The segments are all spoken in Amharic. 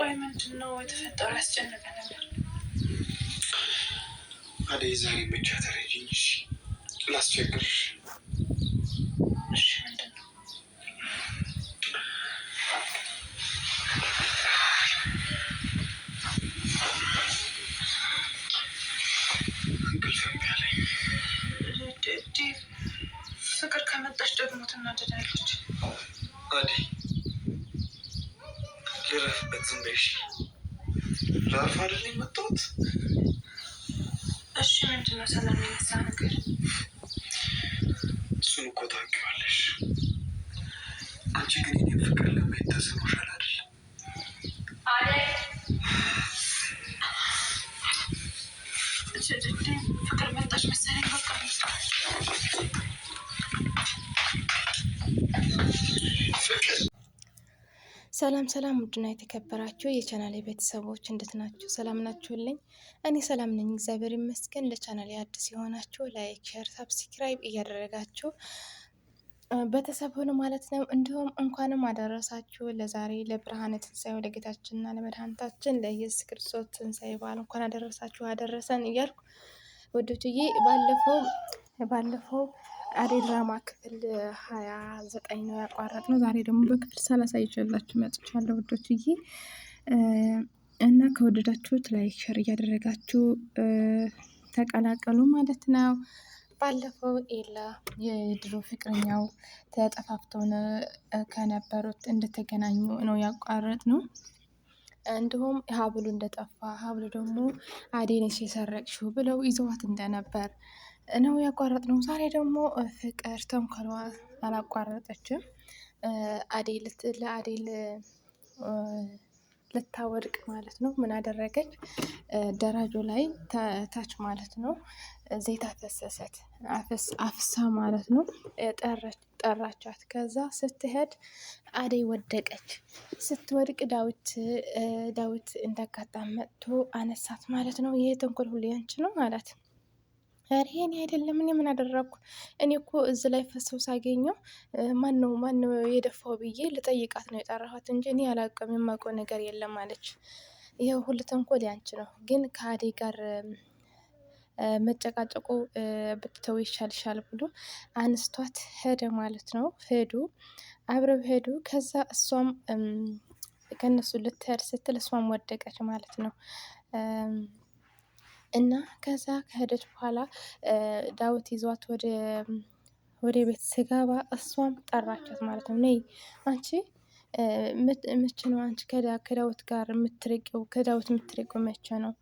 ቆይ ምንድን ነው የተፈጠረ? ያስጨነቀ ነገር አደይ፣ ዛሬ ብቻ ተረጂኝ እሺ? ላስቸግርሽ። እሺ፣ ምንድን ነው ፍቅር ከመጣች ደግሞ ትናደዳለች አደይ ልረፍበት። ዝም በይ። ላርፍ አይደል የመጣሁት? እሺ፣ ምንድን ነው ሰላም የነሳ ነገር? እሱን እኮ ታውቂዋለሽ። አንቺ ግን የኔን ፍቅር ለማየት ተስኖሻል። ሰላም ሰላም ውድና የተከበራችሁ የቻናል ቤተሰቦች እንዴት ናችሁ? ሰላም ናችሁልኝ? እኔ ሰላም ነኝ፣ እግዚአብሔር ይመስገን። ለቻናል አዲስ የሆናችሁ ላይክ፣ ሼር፣ ሳብስክራይብ እያደረጋችሁ ቤተሰብ ሆኖ ማለት ነው። እንዲሁም እንኳንም አደረሳችሁ ለዛሬ ለብርሃነ ትንሣኤ ለጌታችንና ለመድኃኒታችን ለኢየሱስ ክርስቶስ ትንሣኤ በዓል እንኳን አደረሳችሁ አደረሰን እያልኩ ወደቱዬ ባለፈው ባለፈው አዴ ድራማ ክፍል ሀያ ዘጠኝ ነው ያቋረጥ ነው። ዛሬ ደግሞ በክፍል ሰላሳ ይዤላችሁ መጥቻለሁ ውዶችዬ እና ከወደዳችሁት ላይክ፣ ሸር እያደረጋችሁ ተቀላቀሉ ማለት ነው። ባለፈው ኤላ የድሮ ፍቅረኛው ተጠፋፍተው ከነበሩት እንደተገናኙ ነው ያቋረጥ ነው። እንዲሁም ሀብሉ እንደጠፋ ሀብሉ ደግሞ አዴነሽ የሰረቅሽው ብለው ይዘዋት እንደነበር ነው ያቋረጥነው። ዛሬ ደግሞ ፍቅር ተንኮሏ አላቋረጠችም። አዴ ለአዴል ልታወድቅ ማለት ነው። ምን አደረገች? ደረጆ ላይ ታች ማለት ነው ዘይት አፈሰሰት፣ አፍሳ ማለት ነው ጠራቻት። ከዛ ስትሄድ አደይ ወደቀች። ስትወድቅ ዳዊት ዳዊት እንዳጋጣም መጥቶ አነሳት ማለት ነው። ይህ ተንኮል ሁሉ ያንቺ ነው አላት። ኧረ እኔ አይደለም እኔ ምን አደረግኩ? እኔ እኮ እዚ ላይ ፈሰው ሳገኘው ማን ነው ማን ነው የደፋው ብዬ ልጠይቃት ነው የጠራኋት እንጂ እኔ አላውቅም የማውቀው ነገር የለም አለች። ይህ ሁሉ ተንኮል ያንቺ ነው። ግን ከአዴ ጋር መጨቃጨቁ ብትተው ይሻልሻል ብሎ አንስቷት ሄደ ማለት ነው። ሄዱ አብረው ሄዱ። ከዛ እሷም ከእነሱ ልትሄድ ስትል እሷም ወደቀች ማለት ነው። እና ከዛ ከሄደች በኋላ ዳዊት ይዟት ወደ ወደ ቤት ስገባ እሷም ጠራቻት ማለት ነው። ነይ አንቺ መቼ ነው አንቺ ከዳዊት ጋር የምትርቂው? ከዳዊት የምትርቂው መቼ ነው?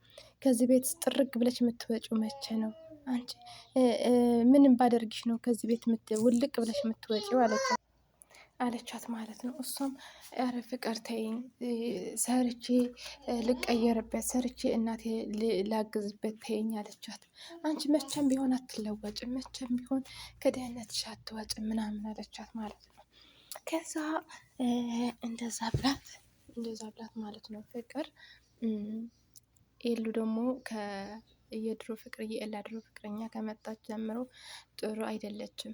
ከዚህ ቤት ጥርግ ብለሽ የምትወጪው መቼ ነው? አንቺ ምንም ባደርግሽ ነው ከዚህ ቤት ውልቅ ብለሽ የምትወጪው አለቻት። አለቻት ማለት ነው። እሷም ኧረ ፍቅር ተይኝ፣ ሰርቼ ልቀየርበት፣ ሰርቼ እናቴ ላግዝበት ተይኝ አለቻት። አንቺ መቼም ቢሆን አትለወጭም፣ መቼም ቢሆን ከድህነትሽ አትወጭም ምናምን አለቻት ማለት ነው። ከዛ እንደዛ ብላት እንደዛ ብላት ማለት ነው ፍቅር ኤሉ ደግሞ የድሮ ፍቅር የኤላ ድሮ ፍቅረኛ ከመጣች ጀምሮ ጥሩ አይደለችም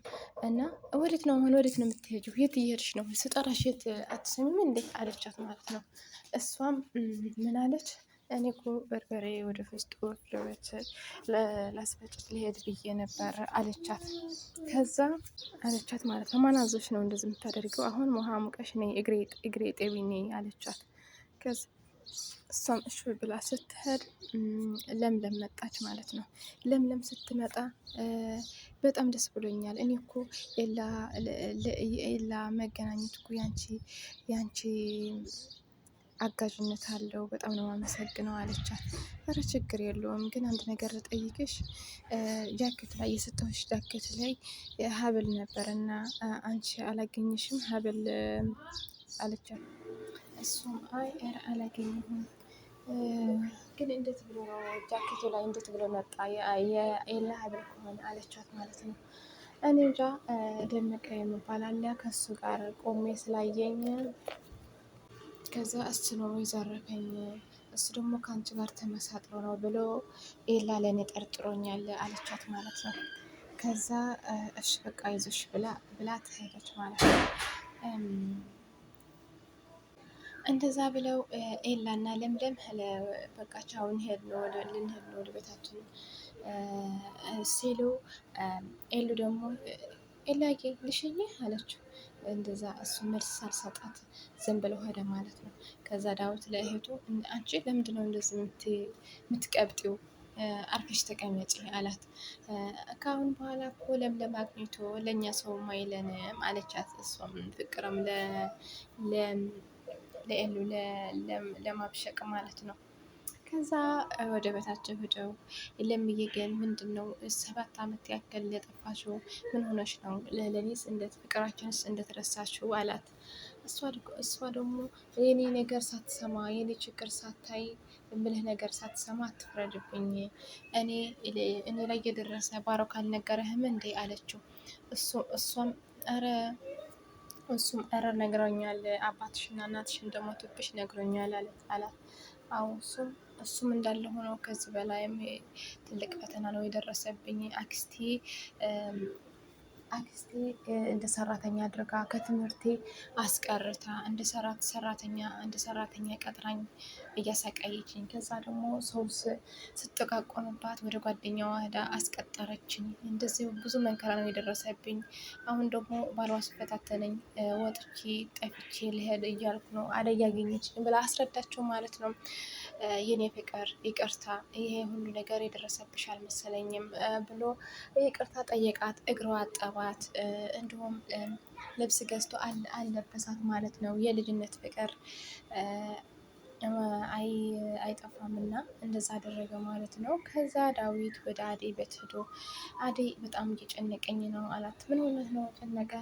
እና ወዴት ነው አሁን ወዴት ነው የምትሄጂው? የት እየሄድሽ ነው? ስጠራሽ የት አትሰሚም እንዴት አለቻት ማለት ነው። እሷም ምን አለች? እኔ እኮ በርበሬ ወደ ውስጥ ወርዶበት ላስፈጭት ሊሄድ ብዬ ነበር አለቻት። ከዛ አለቻት ማለት ነው ማን አዞሽ ነው እንደዚህ የምታደርገው? አሁን ውሃ ሙቀሽ ነኝ እግሬ ጤቢ ነኝ አለቻት። ከዛ እሷም እሺ ብላ ስትሄድ ለምለም መጣች ማለት ነው። ለምለም ስትመጣ በጣም ደስ ብሎኛል። እኔ እኮ የላ መገናኘት እኮ ያንቺ ያንቺ አጋዥነት አለው በጣም ነው አመሰግነው አለቻት። ኧረ ችግር የለውም ግን አንድ ነገር ልጠይቅሽ፣ ጃኬት ላይ የሰጠሁሽ ጃኬት ላይ ሀብል ነበር እና አንቺ አላገኘሽም ሀብል አለቻት። እሱም አይ ኧረ አላገኘሁም ግን እንዴት ብሎ ነው ጃኬቱ ላይ እንዴት ብሎ መጣ የኤላ ሀብል ከሆነ አለቻት ማለት ነው። እኔ እንጃ ደመቀ የምባል አለ ከሱ ጋር ቆሜ ስላየኝ ከዛ እሱ ነው የዘረፈኝ እሱ ደግሞ ከአንቺ ጋር ተመሳጥሮ ነው ብሎ ኤላ ለእኔ ጠርጥሮኛል አለቻት ማለት ነው። ከዛ እሽ በቃ ይዞሽ ብላ ትሄደች ማለት ነው። እንደዛ ብለው ኤላና ለምለም ለበቃቻውን ሄድ ነው ልንሄድ ነው ወደ ቤታችን ሲሉ ኤሉ ደግሞ ኤላጌ ልሸኝህ አለችው። እንደዛ እሱ መልስ ሳልሰጣት ዝም ብለው ሄደ ማለት ነው። ከዛ ዳዊት ለእህቱ አንቺ ለምንድን ነው እንደዚህ የምትቀብጢው? አርፈሽ ተቀመጪ አላት። ከአሁን በኋላ እኮ ለምለም አግኝቶ ለእኛ ሰው አይለንም አለቻት። እሷም ፍቅርም ለኤሉ ለማብሸቅ ማለት ነው። ከዛ ወደ ቤታቸው ሄደው ለምዬ ግን ምንድን ነው ሰባት ዓመት ያክል የጠፋሽው ምን ሆነሽ ነው? ለእኔስ እንደት ፍቅራችንስ እንደተረሳሽው አላት። እሷ ደግሞ የኔ ነገር ሳትሰማ የኔ ችግር ሳታይ ምልህ ነገር ሳትሰማ አትፍረድብኝ፣ እኔ ላይ የደረሰ ባሮ ካልነገረህም እንዴ አለችው። እሷም ኧረ እሱም እረ ነግረውኛል፣ አባትሽና እናትሽ እንደሞቱብሽ ነግረኛል አለት አላት። አዎ እሱም እሱም እንዳለ ሆኖ ከዚህ በላይም ትልቅ ፈተና ነው የደረሰብኝ አክስቴ አክስቴ እንደ ሰራተኛ አድርጋ ከትምህርቴ አስቀርታ እንደ ሰራተኛ እንደ ሰራተኛ ቀጥራኝ እያሳቀየችኝ፣ ከዛ ደግሞ ሰው ስጠቃቆምባት ወደ ጓደኛዋ ሄዳ አስቀጠረችኝ። እንደዚህ ብዙ መንከራ ነው የደረሰብኝ። አሁን ደግሞ ባሏ ሲፈታተነኝ ወጥቼ ጠፍቼ ልሄድ እያልኩ ነው። አደይ ያገኘችኝ ብላ አስረዳቸው ማለት ነው። የኔ ፍቅር ይቅርታ፣ ይሄ ሁሉ ነገር የደረሰብሽ አልመሰለኝም ብሎ ይቅርታ ጠየቃት። እግሯ አጠባ አቅፏት እንዲሁም ልብስ ገዝቶ አለበሳት ማለት ነው። የልጅነት ፍቅር አይጠፋም እና እንደዛ አደረገ ማለት ነው። ከዛ ዳዊት ወደ አዴ ቤት ሄዶ አዴ በጣም እየጨነቀኝ ነው አላት። ምን ሆነህ ነው ጨነቀ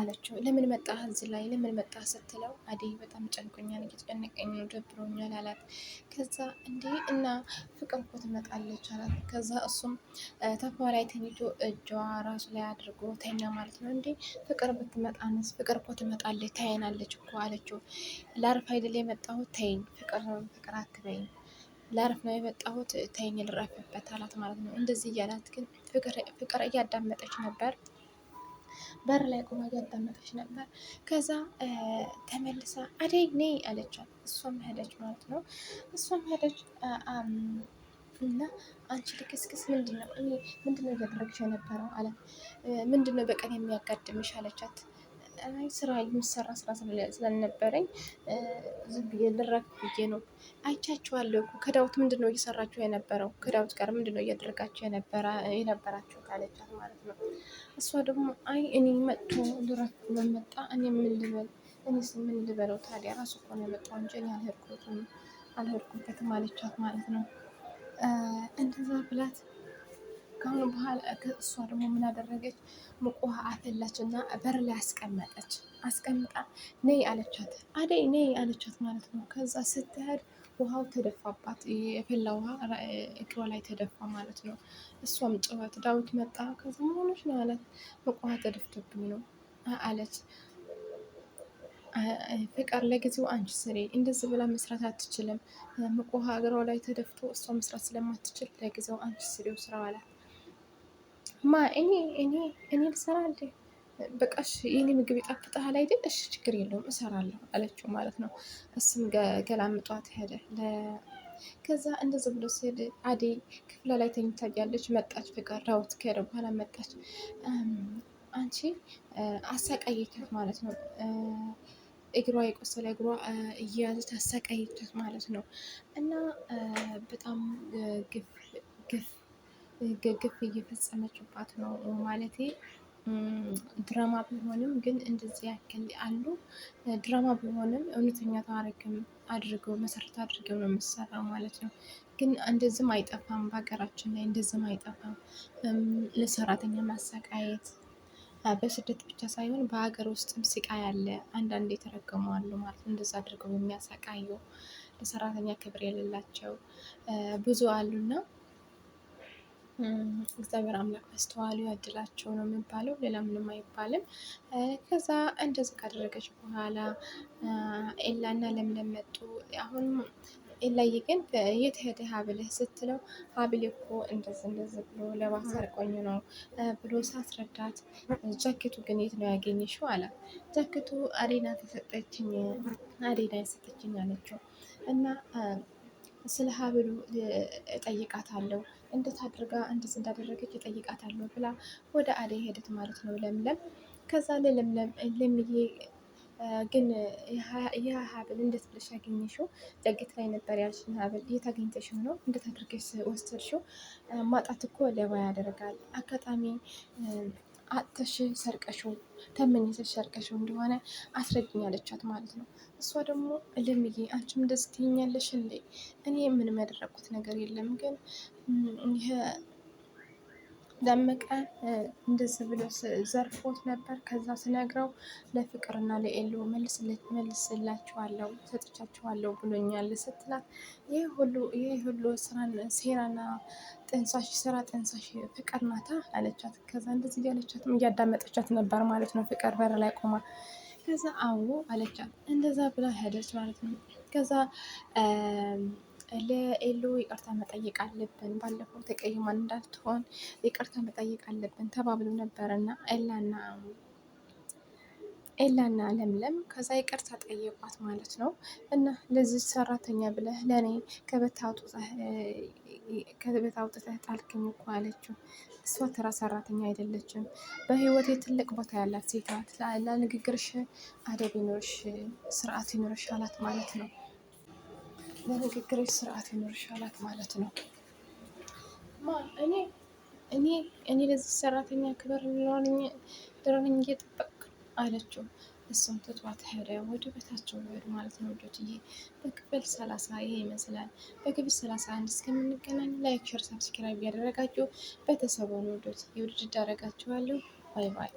አለችው። ለምን መጣ እዚህ ላይ ለምን መጣ ስትለው አደይ በጣም ጨንቆኛል፣ እየተጨነቀኝ ነው፣ ደብሮኛል አላት። ከዛ እንዴ እና ፍቅር እኮ ትመጣለች አላት። ከዛ እሱም ተፋ ላይ ተኝቶ እጇ ራሱ ላይ አድርጎ ተኛ ማለት ነው። እንዴ ፍቅር ብትመጣንስ? ፍቅር እኮ ትመጣለች፣ ታየናለች እኮ አለችው። ላርፍ አይደል የመጣሁት ተይኝ፣ ፍቅር ፍቅር አትበይኝ ላረፍ ነው የመጣሁት ተይኝ ልረፍበት አላት ማለት ነው። እንደዚህ እያላት ግን ፍቅር እያዳመጠች ነበር። በር ላይ ቆማ እያዳመጠች ነበር። ከዛ ተመልሳ አደይ ነይ አለቻት። እሷም ሄደች ማለት ነው። እሷም ሄደች እና አንቺ ልክስክስ ምንድን ነው ምንድን ነው እያደረግሽ የነበረው አላት። ምንድን ነው በቀን የሚያጋድምሽ አለቻት። አይ ስራ የሚሰራ ስራ ስላልነበረኝ ዝም ብዬ ልረክ ብዬ ነው። አይቻችኋለሁ እኮ ከዳዊት ምንድን ነው እየሰራችሁ የነበረው? ከዳዊት ጋር ምንድን ነው እያደረጋችሁ የነበራችሁ አለቻት ማለት ነው። እሷ ደግሞ አይ እኔ መጥቶ ልረክ በመጣ እኔ ምን ልበል እኔስ ምን ልበለው ታዲያ ራሱ እኮ ነው የመጣው እንጂ እኔ አልሄድኩበትም አልሄድኩበትም አለቻት ማለት ነው። እንደዛ ብላት ከአሁኑ በኋላ እሷ ደግሞ ምን አደረገች? ሙቅ ውሃ አፈላች እና በር ላይ አስቀመጠች። አስቀምጣ ነይ አለቻት፣ አደይ ነይ አለቻት ማለት ነው። ከዛ ስትሄድ ውሃው ተደፋባት፣ የፈላ ውሃ እግሯ ላይ ተደፋ ማለት ነው። እሷም ጭዋት ዳዊት መጣ። ከዛ መሆኖች ነው አላት። ሙቅ ውሃ ተደፍቶብኝ ነው አለች። ፍቅር ለጊዜው አንቺ ስሪ፣ እንደዚህ ብላ መስራት አትችልም። ሙቅ ውሃ እግሯ ላይ ተደፍቶ እሷ መስራት ስለማትችል ለጊዜው አንቺ ስሪው ስራ አላት። ማ እኔ እኔ እኔ ልሰራ የኔ ምግብ ይጣፍጥሃል አይደል? እሺ ችግር የለውም እሰራለሁ አለችው ማለት ነው። እሱም ገላምጧት ሄደ። ከዛ እንደዚ ብሎ ክፍለ ላይ ተኝታያለች። መጣች ፍቅር ራውት ከሄደ በኋላ መጣች። አንቺ አሳቃየቻት ማለት ነው። እግሯ የቆሰለ እግሯ እየያዘች አሳቃየቻት ማለት ነው። እና በጣም ግፍ ግፍ ግፍ እየፈጸመችባት ነው ማለት ድራማ ቢሆንም ግን እንደዚህ ያክል አሉ። ድራማ ቢሆንም እውነተኛ ታሪክም አድርገው መሰረት አድርገው ነው የምሰራው ማለት ነው። ግን እንደዚህም አይጠፋም፣ በሀገራችን ላይ እንደዚህም አይጠፋም። ለሰራተኛ ማሰቃየት በስደት ብቻ ሳይሆን በሀገር ውስጥም ስቃይ አለ። አንዳንድ የተረገሙ አሉ ማለት ነው። እንደዛ አድርገው የሚያሰቃዩ ለሰራተኛ ክብር የሌላቸው ብዙ አሉና እግዚአብሔር አምላክ መስተዋሉ ያድላቸው ነው የሚባለው። ሌላ ምንም አይባልም። ከዛ እንደዚህ ካደረገች በኋላ ኤላ ኤላና ለምለም መጡ። አሁን ኤላዬ ግን የት ሄደህ ሀብልህ ስትለው ሀብል እኮ እንደዚህ እንደዚህ ብሎ ለባስ ሰርቆኝ ነው ብሎ ሳስረዳት ጃኬቱ ግን የት ነው ያገኘሽው አላት። ጃኬቱ አሬና ተሰጠችኝ አሬና የሰጠችኝ አለችው እና ስለ ሀብሉ እጠይቃታለሁ እንዴት አድርጋ እንዴት እንዳደረገች እጠይቃታለሁ ብላ ወደ አደይ ሄደት ማለት ነው ለምለም። ከዛ ለለምለም ለምዬ ግን ያ ሀብል እንዴት ብለሽ ያገኘሽው? ደገት ላይ ነበር ያልሽን ሀብል የት አግኝተሽው ነው? እንዴት አድርገሽ ወሰድሽው? ማጣት እኮ ለባ ያደርጋል። አጋጣሚ አጥተሽ ሰርቀሽው ተመኝተሽ ሰርቀሽው እንደሆነ አስረጅኝ አለቻት ማለት ነው። እሷ ደግሞ ለምዬ አንቺም ደስ ትይኛለሽ እንዴ? እኔ ምን ያደረግኩት ነገር የለም ግን ይሄ ደመቀ እንደዚህ ብሎ ዘርፎት ነበር። ከዛ ስነግረው ለፍቅርና ለኤሎ መልስላችኋለሁ፣ ሰጥቻችኋለሁ ብሎኛል ስትላት ይህ ሁሉ ይህ ሁሉ ሴራና ጥንሳሽ ስራ ጥንሳሽ ፍቅር ናታ አለቻት። ከዛ እንደዚህ እያለቻትም እያዳመጠቻት ነበር ማለት ነው። ፍቅር በር ላይ ቆማ ከዛ አዎ አለቻት። እንደዛ ብላ ሄደች ማለት ነው። ከዛ ለኤሎ ይቅርታ መጠየቅ አለብን፣ ባለፈው ተቀይማን እንዳትሆን ይቅርታ መጠየቅ አለብን ተባብሎ ነበር እና ኤላና ኤላና ለምለም ከዛ ይቅርታ ጠየቋት ማለት ነው። እና ለዚህ ሰራተኛ ብለህ ለእኔ ከቤት አውጥተህ ጣልክኝ እኮ አለችው። እሷ ተራ ሰራተኛ አይደለችም። በህይወት ትልቅ ቦታ ያላት ሴት ናት። ለንግግርሽ አደብ ይኖርሽ፣ ስርዓት ይኖርሽ አላት ማለት ነው። ለንግግሮች ስርዓት ይኖርሻላት ማለት ነው። እኔ እኔ እኔ ለዚህ ሰራተኛ ክብር ድረኝ እየጠበቅ አለችው። እሱም ትቷት ሄደ። ወደ ቤታቸው ሄዱ ማለት ነው ወዳጆችዬ። በክፍል ሰላሳ ይሄ ይመስላል። በክፍል ሰላሳ አንድ እስከምንገናኝ ላይክ፣ ሸር፣ ሳብስክራይብ እያደረጋችሁ ቤተሰቡን ወዳጆችዬ ውድድ አደረጋችኋለሁ። ባይ ባይ።